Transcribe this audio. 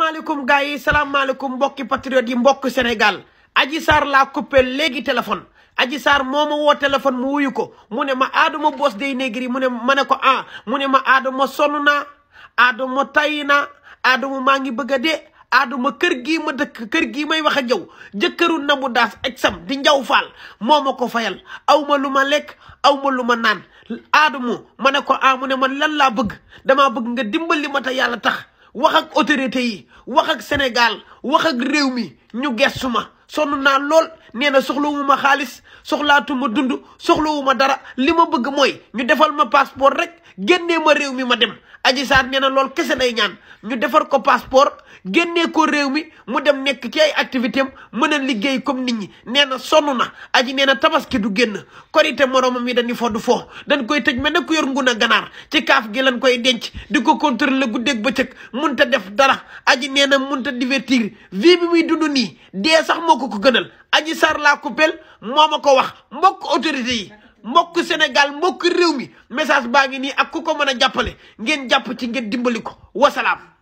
salaamaaleykum gars yi salaamaaleykum mbokki patriotes yi mbokk Sénégal Adji saar laa coupé léegi téléphone Adji saar moo ma woo téléphone mu wuyu ko mu ne ma Adama Boss Dey Negri mu ne ma ne ko ah mu ne ma Adama sonn naa Adama tayyi naa Adama maa ngi bëgg a dee Adama kër gii ma dëkk kër gii may wax ak jëkkëru Nabou Daas ak sam di njaw faal moo ma ko fayal aw ma lu ma aw ma lu ma naan Adama ma ne ko ah mu ne man lan laa bëgg damaa bëgg nga dimbali ma te yàlla tax wax ak autorité yi wax ak Sénégal wax ak réew mi ñu gestu ma sonn naa lool nee na soxlawu ma xaalis soxlaatu ma dund soxlawu ma dara li ma bëgg mooy ñu defal ma passeport rek génnee ma réew mi ma dem Adji Sarr nee na lool kese nay ñaan ñu defar ko passeport génnee ko réew mi mu dem nekk ci ay am mën a liggéey comme nit ñi nee na sonn na aji nee na tabaski du génn korite moroomam yi dañuy fo foo fo koy tëj mais nag ku yor ngun a ganaar ci kaaf gi lañ koy denc di ko contrôler guddeeg bëccëg munta def dara aji nee na munta divertir vie bi muy dund nii dee sax moo ko ko gënal aji sar laa coupel moo ma ko wax mbokk autorité yi mbokk Sénégal mbokk réew mi message baa ngi nii ak ku ko mën a jàppale ngeen jàpp ci ngeen dimbali ko wasalaam